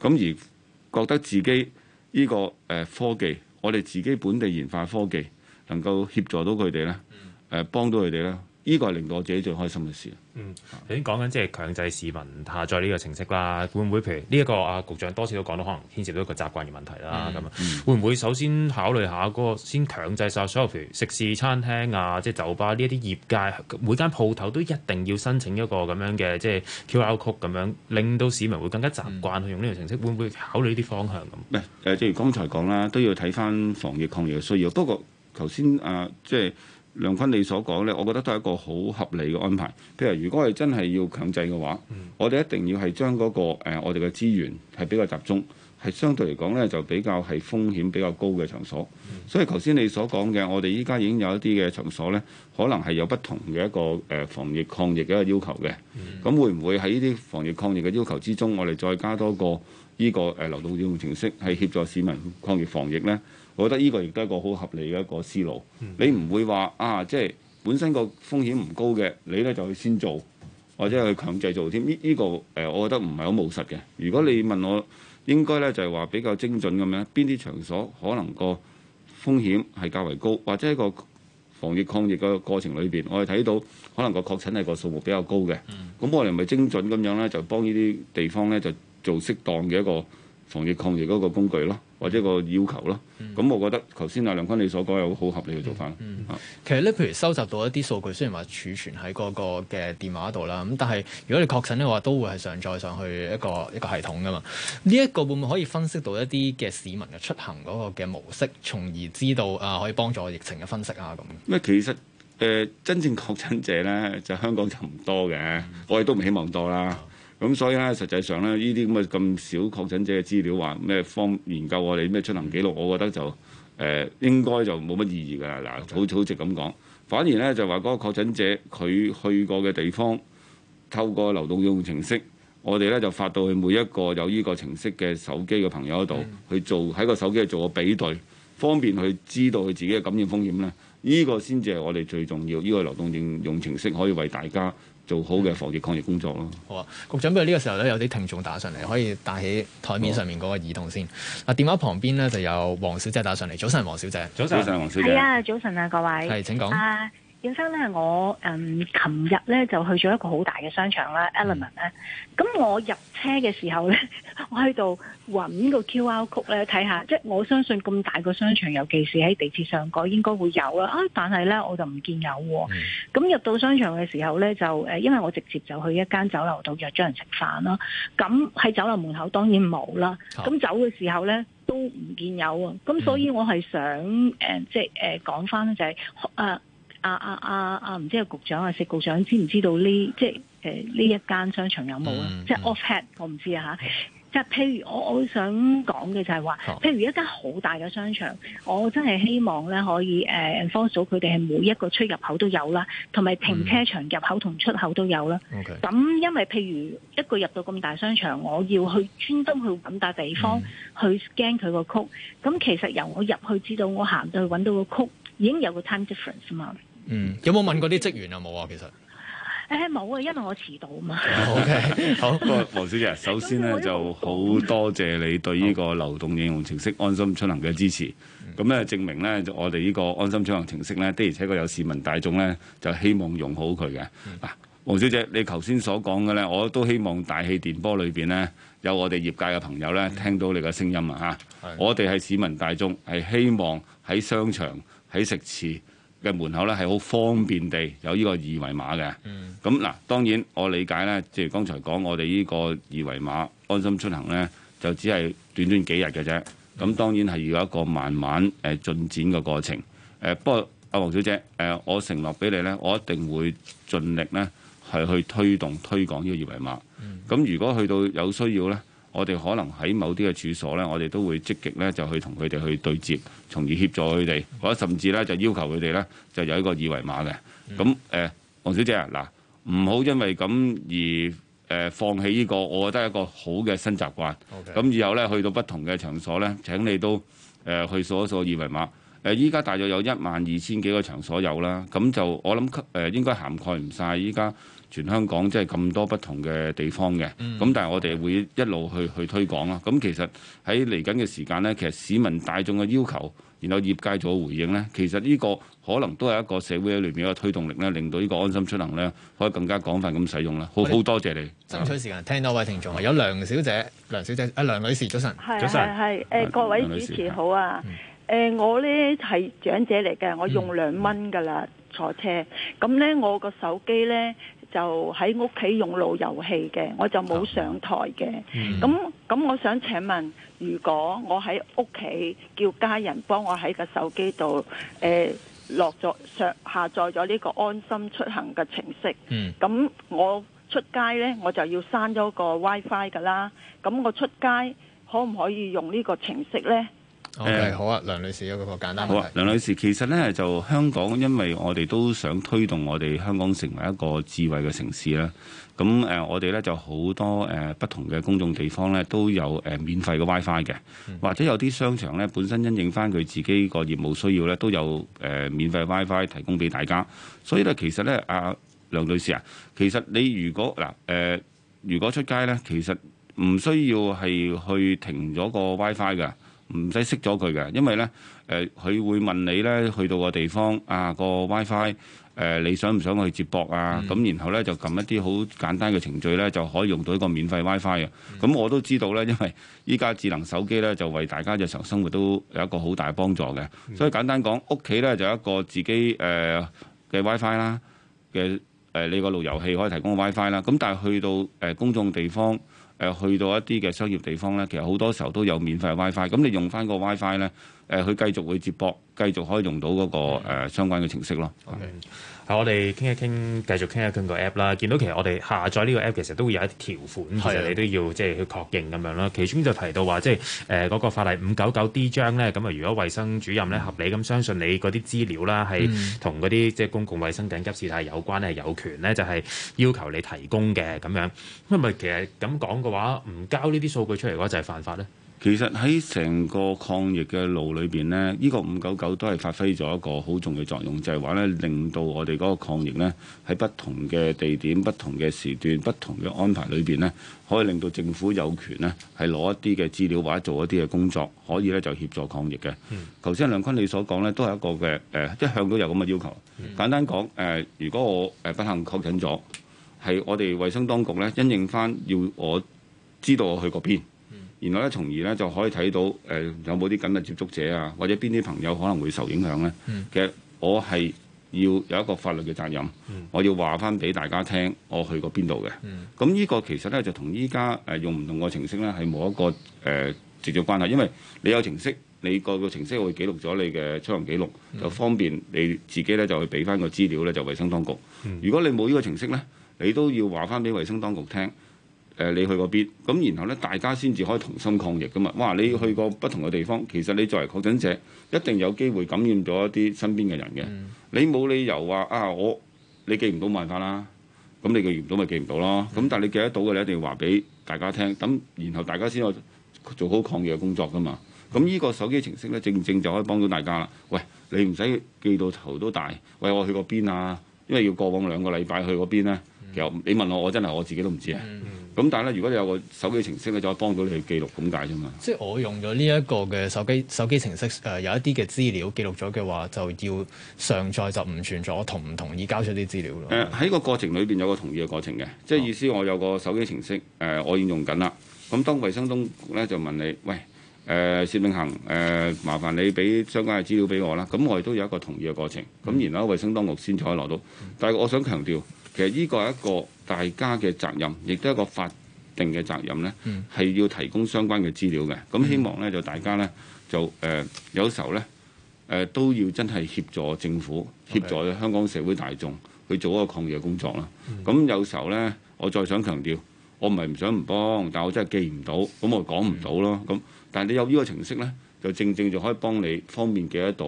咁而覺得自己呢、呢個誒、呃、科技，我哋自己本地研發科技能夠協助到佢哋呢，誒、呃、幫到佢哋呢。呢個係令到我自己最開心嘅事。嗯，頭先講緊即係強制市民下載呢個程式啦，會唔會譬如呢、這、一個啊局長多次都講到，可能牽涉到一個習慣嘅問題啦。咁啊、嗯，會唔會首先考慮下嗰、那個先強制晒所有譬如食肆、餐廳啊、即係酒吧呢一啲業界，每間鋪頭都一定要申請一個咁樣嘅即係 QR code 咁樣，令到市民會更加習慣去用呢個程式，嗯、會唔會考慮呢啲方向咁？誒誒、嗯，呃、正如剛才講啦，都要睇翻防疫抗疫嘅需要。不過頭先啊，即係。呃即梁坤你所講呢，我覺得都係一個好合理嘅安排。譬如，如果係真係要強制嘅話，mm. 我哋一定要係將嗰個、呃、我哋嘅資源係比較集中，係相對嚟講呢，就比較係風險比較高嘅場所。Mm. 所以頭先你所講嘅，我哋依家已經有一啲嘅場所呢，可能係有不同嘅一個誒防疫抗疫嘅一個要求嘅。咁、mm. 會唔會喺呢啲防疫抗疫嘅要求之中，我哋再加多個？呢個誒流動應用程式係協助市民抗疫防疫呢。我覺得呢個亦都係一個好合理嘅一個思路。你唔會話啊，即係本身個風險唔高嘅，你呢就去先做，或者去強制做添。呢、這、依個誒、呃，我覺得唔係好務實嘅。如果你問我，應該呢，就係話比較精準咁樣，邊啲場所可能個風險係較為高，或者一個防疫抗疫嘅過程裏邊，我哋睇到可能確診個確診係個數目比較高嘅。咁、嗯、我哋咪精準咁樣呢？就幫呢啲地方呢。就。做適當嘅一個防疫抗疫嗰個工具咯，或者個要求咯。咁、嗯、我覺得頭先阿梁坤你所講有好合理嘅做法。嗯嗯嗯、啊，其實咧，譬如收集到一啲數據，雖然話儲存喺嗰個嘅電話度啦，咁但係如果你確診嘅話，都會係上載上去一個一個系統㗎嘛。呢一個會唔會可以分析到一啲嘅市民嘅出行嗰個嘅模式，從而知道啊，可以幫助疫情嘅分析啊咁。其實誒，真正確診者咧，就是、香港就唔多嘅，嗯、我哋都唔希望多啦。咁、嗯、所以咧，實際上咧，呢啲咁嘅咁少確診者嘅資料，話咩方研究我哋咩出行記錄，我覺得就誒、呃、應該就冇乜意義嘅啦。嗱、嗯，好好直咁講，反而咧就話嗰個確診者佢去過嘅地方，透過流動應用程式，我哋咧就發到去每一個有呢個程式嘅手機嘅朋友度，嗯、去做喺個手機度做個比對，方便佢知道佢自己嘅感染風險咧。呢、呢個先至係我哋最重要，呢、呢個流動應用程式可以為大家，做好嘅防疫抗疫工作咯。好啊，局長，不如呢個時候咧有啲聽眾打上嚟，可以帶起枱面上面嗰個耳筒先。啊好，電話旁邊咧就有黃小姐打上嚟。早晨，黃小姐。早晨安，黃安小姐。係啊，早晨啊，各位。係，請講。啊先生咧，我嗯，琴日咧就去咗一個好大嘅商場啦，Element 咧。咁我入車嘅時候咧，我喺度揾個 QR 曲咧睇下，即係我相信咁大個商場，尤其是喺地鐵上蓋，應該會有啦。啊，但係咧我就唔見有、啊。咁入到商場嘅時候咧，就誒、呃，因為我直接就去一間酒樓度約咗人食飯啦、啊。咁喺酒樓門口當然冇啦、啊。咁走嘅時候咧都唔見有啊。咁所以我係想誒、呃，即係誒講翻咧，呃、就係、是、啊。呃啊啊啊，阿、啊、唔、啊、知個局長啊薛局長知唔知道呢？即係誒呢一間商場有冇、mm hmm. 啊？即係 offhand 我唔知啊吓，即係譬如我我想講嘅就係話，oh. 譬如一間好大嘅商場，我真係希望咧可以誒，enforce 佢哋係每一個出入口都有啦，同埋停車場入口同出口都有啦。咁、mm hmm. 因為譬如一個入到咁大商場，我要去專登去揾笪地方、mm hmm. 去 scan 佢個 code，咁其實由我入去知道我行到去揾到個 code 已經有個 time difference 啊嘛。嗯，有冇問過啲職員有冇啊？其實，誒冇啊，因為我遲到啊嘛。好嘅，好，黃小姐，首先呢， 就好多謝你對呢個流動應用程式安心出行嘅支持。咁咧、嗯、證明呢，就我哋呢個安心出行程式呢，的而且確有市民大眾呢，就希望用好佢嘅。嗱、嗯，黃小姐，你頭先所講嘅呢，我都希望大氣電波裏邊呢，有我哋業界嘅朋友呢，聽到你嘅聲音啊嚇。嗯嗯、我哋係市民大眾，係希望喺商場喺食肆。嘅門口咧，係好方便地有呢個二維碼嘅。咁嗱、嗯、當然我理解咧，即係剛才講我哋呢個二維碼安心出行咧，就只係短短幾日嘅啫，咁當然係要有一個慢慢誒、呃、進展嘅過程。誒、呃、不過阿黃、啊、小姐，誒、呃、我承諾俾你咧，我一定會盡力咧係去推動推廣呢個二維碼。咁、嗯、如果去到有需要咧。我哋可能喺某啲嘅處所呢，我哋都會積極呢，就去同佢哋去對接，從而協助佢哋，或者甚至呢，就要求佢哋呢，就有一個二維碼嘅。咁誒、嗯呃，黃小姐啊，嗱，唔好因為咁而誒放棄呢、呢個，我覺得一個好嘅新習慣。咁 Okay. 以後呢，去到不同嘅場所呢，請你都誒、呃、去掃一掃二維碼。誒、呃，依家大約有一萬二千幾個場所有啦，咁就我諗誒、呃、應該涵蓋唔晒依家。全香港即係咁多不同嘅地方嘅，咁但係我哋會一路去去推廣啦。咁其實喺嚟緊嘅時間呢，其實市民大眾嘅要求，然後業界做嘅回應呢，其實呢個可能都係一個社會喺裏面嘅推動力呢，令到呢個安心出行呢可以更加廣泛咁使用啦。好，好多謝你。爭取時間，聽多位聽眾，有梁小姐，梁小姐，阿梁女士，早晨，早晨，係誒各位主持好啊。誒，我呢係長者嚟嘅，我用兩蚊㗎啦坐車。咁呢，我個手機呢。就喺屋企用路由器嘅，我就冇上台嘅。咁咁、Oh. mm，hmm. 我想請問，如果我喺屋企叫家人幫我喺個手機度，誒、呃，落咗上下載咗呢個安心出行嘅程式。咁、mm hmm. 我出街呢，我就要刪咗個 WiFi 噶啦。咁我出街可唔可以用呢個程式呢？誒好啊，梁女士，一個簡單問題。好啊，梁女士，那個、簡單梁女士其實咧就香港，因為我哋都想推動我哋香港成為一個智慧嘅城市咧。咁誒，我哋咧就好多誒不同嘅公眾地方咧都有誒免費嘅 WiFi 嘅，或者有啲商場咧本身因應翻佢自己個業務需要咧都有誒免費 WiFi 提供俾大家。所以咧，其實咧，阿梁女士啊，其實你如果嗱誒、呃，如果出街咧，其實唔需要係去停咗個 WiFi 㗎。唔使熄咗佢嘅，因為咧，誒、呃、佢會問你咧，去到個地方啊，個 WiFi，誒、呃、你想唔想去接駁啊？咁、嗯、然後咧就撳一啲好簡單嘅程序咧，就可以用到一個免費 WiFi 嘅。咁、嗯、我都知道咧，因為依家智能手機咧就為大家日常生活都有一個好大幫助嘅。嗯、所以簡單講，屋企咧就有一個自己誒嘅 WiFi 啦，嘅、呃、誒、呃、你個路由器可以提供 WiFi 啦。咁但係去到誒公眾地方。誒去到一啲嘅商業地方咧，其實好多時候都有免費嘅 WiFi，咁你用翻個 WiFi 咧。誒，佢繼續會接駁，繼續可以用到嗰個誒相關嘅程式咯。OK，係我哋傾一傾，繼續傾一傾個 app 啦。見到其實我哋下載呢個 app 其實都會有一啲條款，的其實你都要即係去確認咁樣啦。其中就提到話，即係誒嗰個法例五九九 D 章咧，咁啊，如果衞生主任咧合理咁相信你嗰啲資料啦，係同嗰啲即係公共衞生緊急事態有關咧，係有權咧，就係、係、要求你提供嘅咁樣。咁咪其實咁講嘅話，唔交呢啲數據出嚟嘅話，就係犯法咧。其實喺成個抗疫嘅路裏邊呢，呢個五九九都係發揮咗一個好重嘅作用，就係話呢，令到我哋嗰個抗疫呢，喺不同嘅地點、不同嘅時段、不同嘅安排裏邊呢，可以令到政府有權呢，係攞一啲嘅資料或者做一啲嘅工作，可以呢就協助抗疫嘅。頭先、嗯、梁坤你所講呢，都係一個嘅誒，即、呃、一向都有咁嘅要求。嗯、簡單講誒、呃，如果我誒不幸確診咗，係我哋衞生當局呢，因應翻要我知道我去過邊。然後咧，從而咧就可以睇到誒有冇啲緊密接觸者啊，或者邊啲朋友可能會受影響咧。嗯、其實我係要有一個法律嘅責任，嗯、我要話翻俾大家聽，我去過邊度嘅。咁呢、嗯、個其實咧就同依家誒用唔同個程式咧係冇一個誒、呃、直接關係，因為你有程式，你個個程式會記錄咗你嘅出行記錄，嗯、就方便你自己咧就去俾翻個資料咧就衛生當局。嗯、如果你冇呢個程式咧，你都要話翻俾衛生當局聽。誒、呃，你去過邊？咁然後咧，大家先至可以同心抗疫噶嘛？哇！你去過不同嘅地方，其實你作為確診者，一定有機會感染咗一啲身邊嘅人嘅。嗯、你冇理由話啊，我你記唔到，冇辦法啦。咁、嗯、你記唔到咪記唔到咯？咁、嗯、但係你記得到嘅，你一定要話俾大家聽。咁然後大家先可以做好抗疫嘅工作噶嘛？咁、嗯、呢、這個手機程式咧，正正就可以幫到大家啦。喂，你唔使記到頭都大。喂，我去過邊啊？因為要過往兩個禮拜去嗰邊咧。其實你問我，我真係我自己都唔知啊。咁、嗯、但係咧，如果你有個手機程式咧，就可以幫到你去記錄咁解啫嘛。嗯、即係我用咗呢一個嘅手機手機程式誒、呃，有一啲嘅資料記錄咗嘅話，就要上載就唔存在我同唔同意交出啲資料咯。誒喺、呃、個過程裏邊有個同意嘅過程嘅，即係意思我有個手機程式誒、呃，我已經用緊啦。咁當衛生當局咧就問你，喂誒薛、呃、永恒誒、呃，麻煩你俾相關嘅資料俾我啦。咁我亦都有一個同意嘅過程。咁、嗯、然後衛生當局先至可以攞到。但係我想強調。其實呢個係一個大家嘅責任，亦都係一個法定嘅責任呢係、嗯、要提供相關嘅資料嘅。咁希望呢，就大家呢，就誒、嗯呃、有時候呢，呃、都要真係協助政府，Okay. 協助香港社會大眾去做一個抗疫嘅工作啦。咁、嗯、有時候呢，我再想強調，我唔係唔想唔幫，但我真係記唔到，咁我講唔到咯。咁、嗯、但係你有呢個程式呢，就正正就可以幫你方便記得到。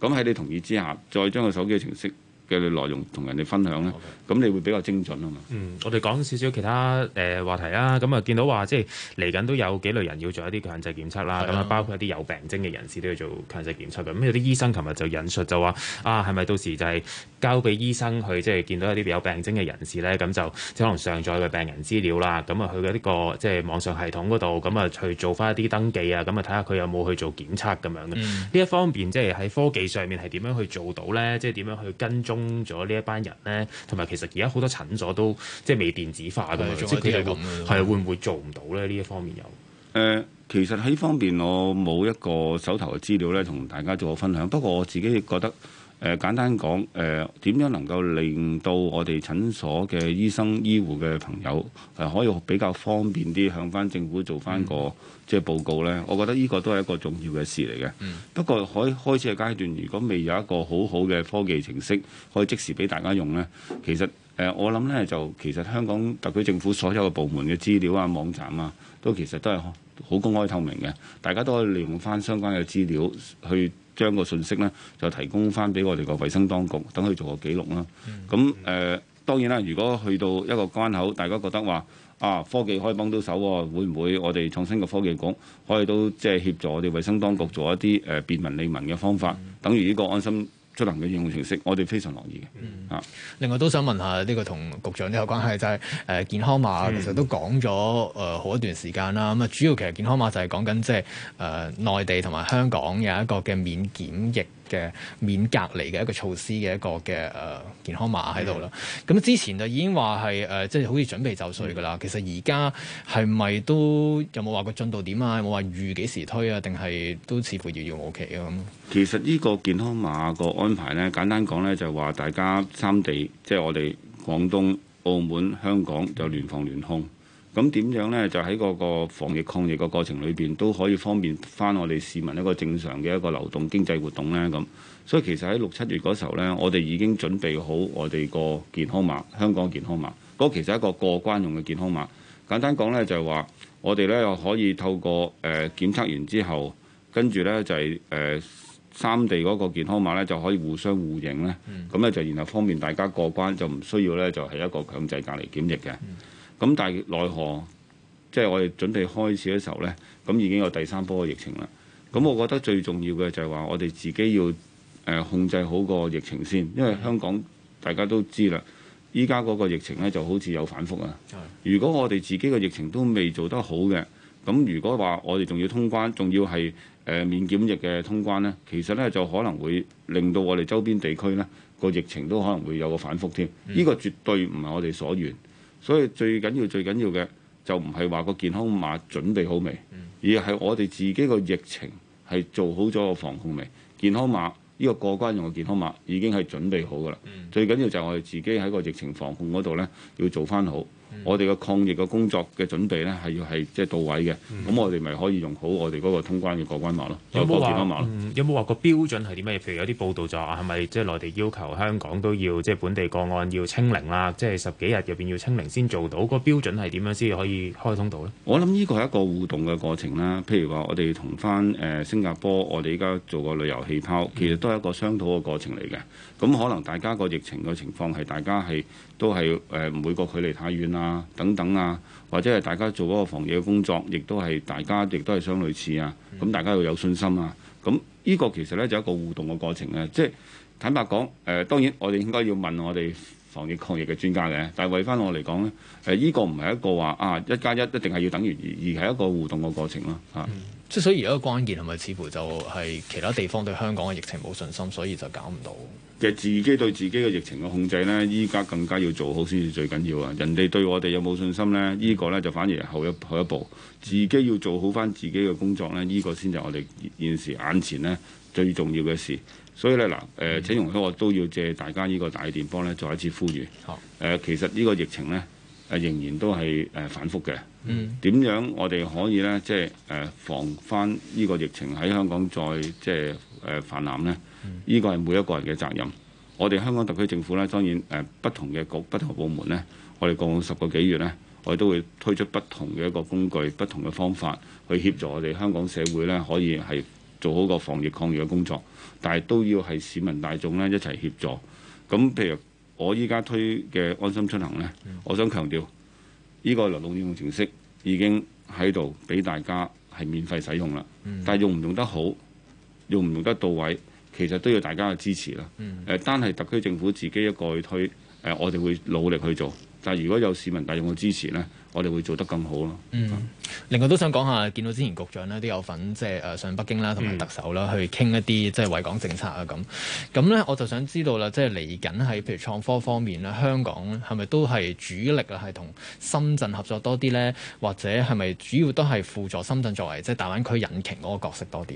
咁喺你同意之下，再將個手機嘅程式嘅內容同人哋分享咧，咁 Okay. 你會比較精準啊嘛、嗯。嗯，我哋講少少其他誒話題啦。咁啊，見到話即係嚟緊都有幾類人要做一啲強制檢測啦。咁啊的，包括一啲有病徵嘅人士都要做強制檢測嘅。咁有啲醫生琴日就引述就話啊，係咪到時就係交俾醫生去即係見到一啲有病徵嘅人士咧？咁就可能上載嘅病人資料啦。咁、嗯、啊，去嗰呢個即係網上系統嗰度，咁啊去做翻一啲登記啊，咁啊睇下佢有冇去做檢測咁樣嘅。呢一方面即係喺科技上面係點樣去做到咧？即係點樣去跟蹤？咗呢一班人咧，同埋其實而家好多診所都即係未電子化嘅嘛，即係佢係會唔會,會做唔到咧？呢一方面有誒、呃，其實喺呢方面我冇一個手頭嘅資料咧，同大家做個分享。不過我自己覺得。誒簡單講，誒、呃、點樣能夠令到我哋診所嘅醫生醫護嘅朋友誒、啊、可以比較方便啲向翻政府做翻個、嗯、即係報告呢？我覺得呢個都係一個重要嘅事嚟嘅。嗯、不過可以開始嘅階段，如果未有一個好好嘅科技程式可以即時俾大家用呢，其實誒、呃、我諗呢，就其實香港特區政府所有嘅部門嘅資料啊、網站啊，都其實都係好公開透明嘅，大家都可以利用翻相關嘅資料去。將個信息呢就提供翻俾我哋個衞生當局，等佢做個記錄啦。咁誒、嗯呃、當然啦，如果去到一個關口，大家覺得話啊，科技可以幫到手喎，會唔會我哋創新嘅科技局可以都即係協助我哋衞生當局做一啲誒便民利民嘅方法，嗯、等於呢個安心出行嘅應用程式，我哋非常樂意嘅。啊、嗯，另外都想問下呢、這個同局長呢有關係，就係、是、誒健康碼其實都講咗誒好一段時間啦。咁啊，主要其實健康碼就係講緊即係誒內地同埋香港有一個嘅免檢疫嘅免隔離嘅一個措施嘅一個嘅誒、呃、健康碼喺度啦，咁 之前就已經話係誒即係好似準備就緒㗎啦， 其實而家係咪都有冇話個進度點啊？有冇話預幾時推啊？定係都似乎遙遙無期啊咁。其實呢個健康碼個安排咧，簡單講咧就係話大家三地即係、就是、我哋廣東、澳門、香港就聯防聯控。咁點樣呢？就喺嗰個防疫抗疫嘅過程裏邊，都可以方便翻我哋市民一個正常嘅一個流動經濟活動呢。咁所以其實喺六七月嗰時候呢，我哋已經準備好我哋個健康碼，香港健康碼嗰個其實係一個過關用嘅健康碼。簡單講呢，就係、是、話我哋呢又可以透過誒檢測完之後，跟住呢就係、是、誒、呃、三地嗰個健康碼呢就可以互相互認呢。咁呢、嗯，就然後方便大家過關，就唔需要呢就係一個強制隔離檢疫嘅。嗯咁但係奈何，即係我哋準備開始嘅時候呢，咁已經有第三波嘅疫情啦。咁我覺得最重要嘅就係話，我哋自己要誒、呃、控制好個疫情先，因為香港大家都知啦，依家嗰個疫情呢就好似有反覆啊。如果我哋自己嘅疫情都未做得好嘅，咁如果話我哋仲要通關，仲要係誒、呃、免檢疫嘅通關呢，其實呢就可能會令到我哋周邊地區呢、個疫情都可能會有個反覆添。呢、個絕對唔係我哋所願。所以最緊要最緊要嘅就唔係話個健康碼準備好未，而係我哋自己個疫情係做好咗個防控未。健康碼，呢個過關用嘅健康碼已經係準備好㗎啦。最緊要就係我哋自己喺個疫情防控嗰度呢，要做翻好。我哋嘅抗疫嘅工作嘅準備呢，係要係即係到位嘅，咁、嗯、我哋咪可以用好我哋嗰個通關嘅過關碼咯、嗯，有個健康碼有冇話？有冇話個標準係啲乜嘢？譬如有啲報導就話，係咪即係內地要求香港都要即係本地個案要清零啦，即係十幾日入邊要清零先做到？個標準係點樣先可以開通到呢？我諗呢個係一個互動嘅過程啦。譬如話我哋同返誒新加坡，我哋而家做個旅遊氣泡，其實都係一個商討嘅過程嚟嘅。咁、嗯、可能大家個疫情嘅情況係大家係。都係誒，唔、呃、每個距離太遠啊，等等啊，或者係大家做嗰個防疫嘅工作，亦都係大家亦都係相類似啊。咁、啊、大家要有信心啊。咁、啊、呢、這個其實呢，就是、一個互動嘅過程啊。即係坦白講誒、呃，當然我哋應該要問我哋防疫抗疫嘅專家嘅，但係為翻我嚟講呢誒依、啊這個唔係一個話啊一加一一定係要等於二，而係一個互動嘅過程咯、啊、嚇。啊嗯即所以而家關鍵係咪似乎就係其他地方對香港嘅疫情冇信心，所以就搞唔到，其實自己對自己嘅疫情嘅控制呢，依家更加要做好先至最緊要啊！人哋對我哋有冇信心呢？呢、呢個呢，就反而後一後一步，自己要做好翻自己嘅工作呢，呢、呢個先就我哋現時眼前呢最重要嘅事。所以呢，嗱、呃，誒請容許我都要借大家呢個大電波呢，再一次呼籲。誒、啊呃、其實呢個疫情呢。誒仍然都係誒、呃、反覆嘅，點樣我哋可以呢？即係誒、呃、防翻呢個疫情喺香港再即係誒、呃、泛濫呢？呢、呢個係每一個人嘅責任。我哋香港特區政府呢，當然誒不同嘅局、不同，不同部門呢，我哋過往十個幾月呢，我哋都會推出不同嘅一個工具、不同嘅方法去協助我哋香港社會呢，可以係做好個防疫抗疫嘅工作。但係都要係市民大眾呢一齊協助。咁譬如。我依家推嘅安心出行呢，嗯、我想強調，呢、呢個流動應用程式已經喺度俾大家係免費使用啦。嗯、但係用唔用得好，用唔用得到位，其實都要大家嘅支持啦。誒、嗯，單係、呃、特區政府自己一個去推，誒、呃，我哋會努力去做。但係如果有市民大眾嘅支持呢？我哋會做得更好咯。嗯，另外都想講下，見到之前局長咧都有份即係誒上北京啦，同埋特首啦去傾一啲、嗯、即係惠港政策啊咁。咁呢，我就想知道啦，即係嚟緊喺譬如創科方面呢，香港係咪都係主力啊？係同深圳合作多啲呢？或者係咪主要都係輔助深圳作為即係大灣區引擎嗰個角色多啲？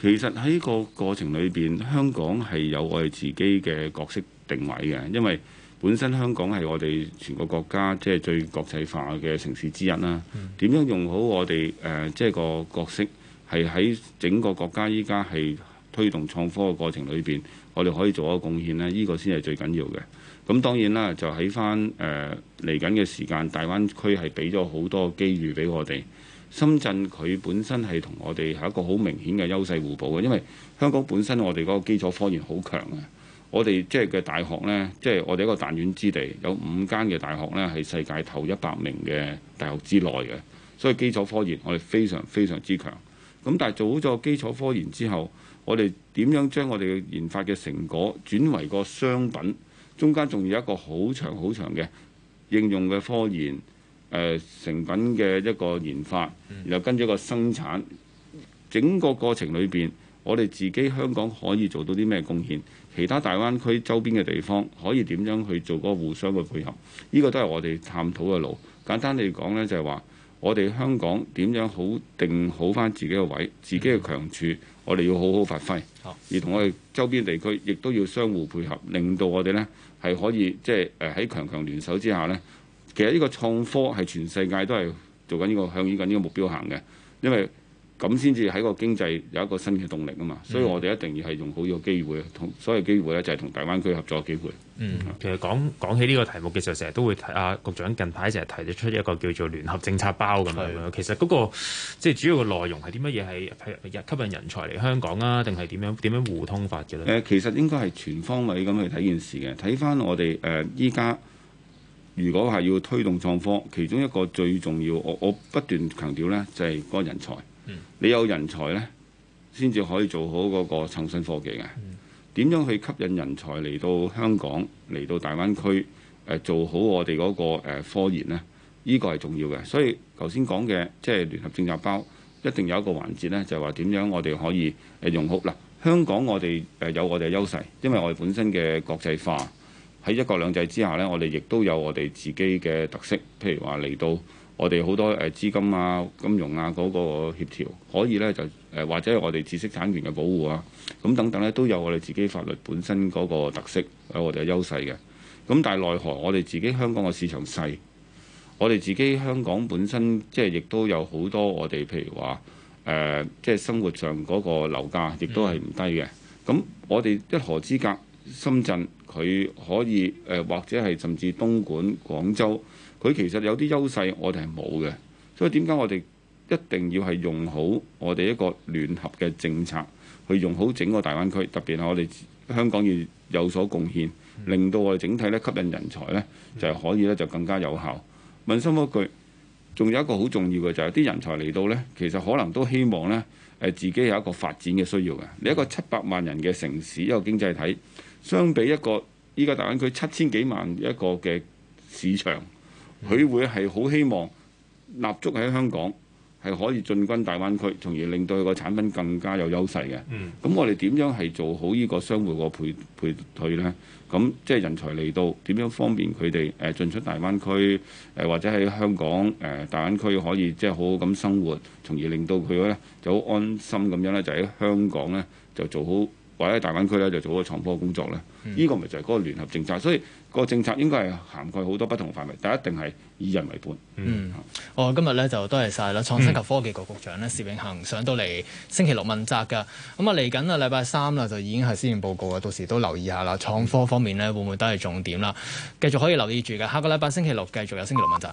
其實喺個過程裏邊，香港係有我哋自己嘅角色定位嘅，因為，本身香港係我哋全個國家即係、就是、最國際化嘅城市之一啦。點、嗯、樣用好我哋誒即係個角色係喺整個國家依家係推動創科嘅過程裏邊，我哋可以做一個貢獻呢。呢、這個先係最緊要嘅。咁當然啦，就喺翻誒嚟緊嘅時間，大灣區係俾咗好多機遇俾我哋。深圳佢本身係同我哋係一個好明顯嘅優勢互補嘅，因為香港本身我哋嗰個基礎科研好強啊。我哋即係嘅大學呢，即係我哋一個彈丸之地，有五間嘅大學呢，係世界頭一百名嘅大學之內嘅，所以基礎科研我哋非常非常之強。咁但係做好咗基礎科研之後，我哋點樣將我哋嘅研發嘅成果轉為個商品？中間仲有一個好長好長嘅應用嘅科研、呃、成品嘅一個研發，又跟咗個生產整個過程裏邊，我哋自己香港可以做到啲咩貢獻？其他大灣區周邊嘅地方可以點樣去做嗰個互相嘅配合？呢個都係我哋探討嘅路。簡單地講呢，就係話我哋香港點樣好定好翻自己嘅位，自己嘅強處，我哋要好好發揮。而同我哋周邊地區亦都要相互配合，令到我哋呢係可以即係誒喺強強聯手之下呢，其實呢個創科係全世界都係做緊呢個向緊呢個目標行嘅，因為。咁先至喺個經濟有一個新嘅動力啊嘛，所以我哋一定要係用好呢個機會，同所有機會咧就係同大灣區合作嘅機會。嗯，是其實講講起呢個題目嘅時候，成日都會提啊，局長近排成日提咗出一個叫做聯合政策包咁樣，是其實嗰、那個即係、就是、主要嘅內容係啲乜嘢？係譬如吸引人才嚟香港啊，定係點樣點樣互通法嘅咧？誒、呃，其實應該係全方位咁去睇件事嘅。睇翻我哋誒依家如果係要推動創科，其中一個最重要，我我不斷強調呢，就係、是、嗰個人才。你有人才呢，先至可以做好嗰個創新科技嘅。點、嗯、樣去吸引人才嚟到香港、嚟到大灣區，誒、呃、做好我哋嗰、嗰個誒、呃、科研呢，呢、呢個係重要嘅。所以頭先講嘅即係聯合政策包，一定有一個環節呢，就係話點樣我哋可以誒用好嗱？香港我哋誒、呃、有我哋嘅優勢，因為我哋本身嘅國際化喺一國兩制之下呢，我哋亦都有我哋自己嘅特色，譬如話嚟到。我哋好多誒資金啊、金融啊嗰、那個協調，可以呢就誒、呃、或者我哋知識產權嘅保護啊，咁等等呢，都有我哋自己法律本身嗰個特色，有我哋嘅優勢嘅。咁但係奈何我哋自己香港嘅市場細，我哋自己香港本身即係亦都有好多我哋譬如話誒、呃，即係生活上嗰個樓價亦都係唔低嘅。咁、嗯、我哋一河之隔深圳，佢可以誒、呃、或者係甚至東莞、廣州。佢其實有啲優勢，我哋係冇嘅，所以點解我哋一定要係用好我哋一個聯合嘅政策去用好整個大灣區，特別係我哋香港要有所貢獻，令到我哋整體咧吸引人才呢，就可以咧就更加有效。問心嗰句，仲有一個好重要嘅就係、是、啲人才嚟到呢，其實可能都希望呢，自己有一個發展嘅需要嘅。你一個七百萬人嘅城市一個經濟體，相比一個依家大灣區七千幾萬一個嘅市場。佢會係好希望立足喺香港，係可以進軍大灣區，從而令到佢個產品更加有優勢嘅。咁、嗯、我哋點樣係做好呢個商戶個配配對呢？咁即係人才嚟到，點樣方便佢哋誒進出大灣區、呃、或者喺香港誒、呃、大灣區可以即係好好咁生活，從而令到佢呢就好安心咁樣呢？就喺香港呢，就做好。或者大灣區咧就做個創科工作咧，呢、嗯、個咪就係嗰個聯合政策，所以個政策應該係涵蓋好多不同範圍，但一定係以人為本。嗯，我、嗯哦、今日咧就多謝晒啦，創新及科技局局、局長咧，薛永恒上到嚟星期六問責㗎，咁啊嚟緊啊，禮拜三啦就已經係施政報告啊，到時都留意下啦，創科方面咧會唔會都係重點啦，繼續可以留意住㗎，下個禮拜星期六繼續有星期六問責。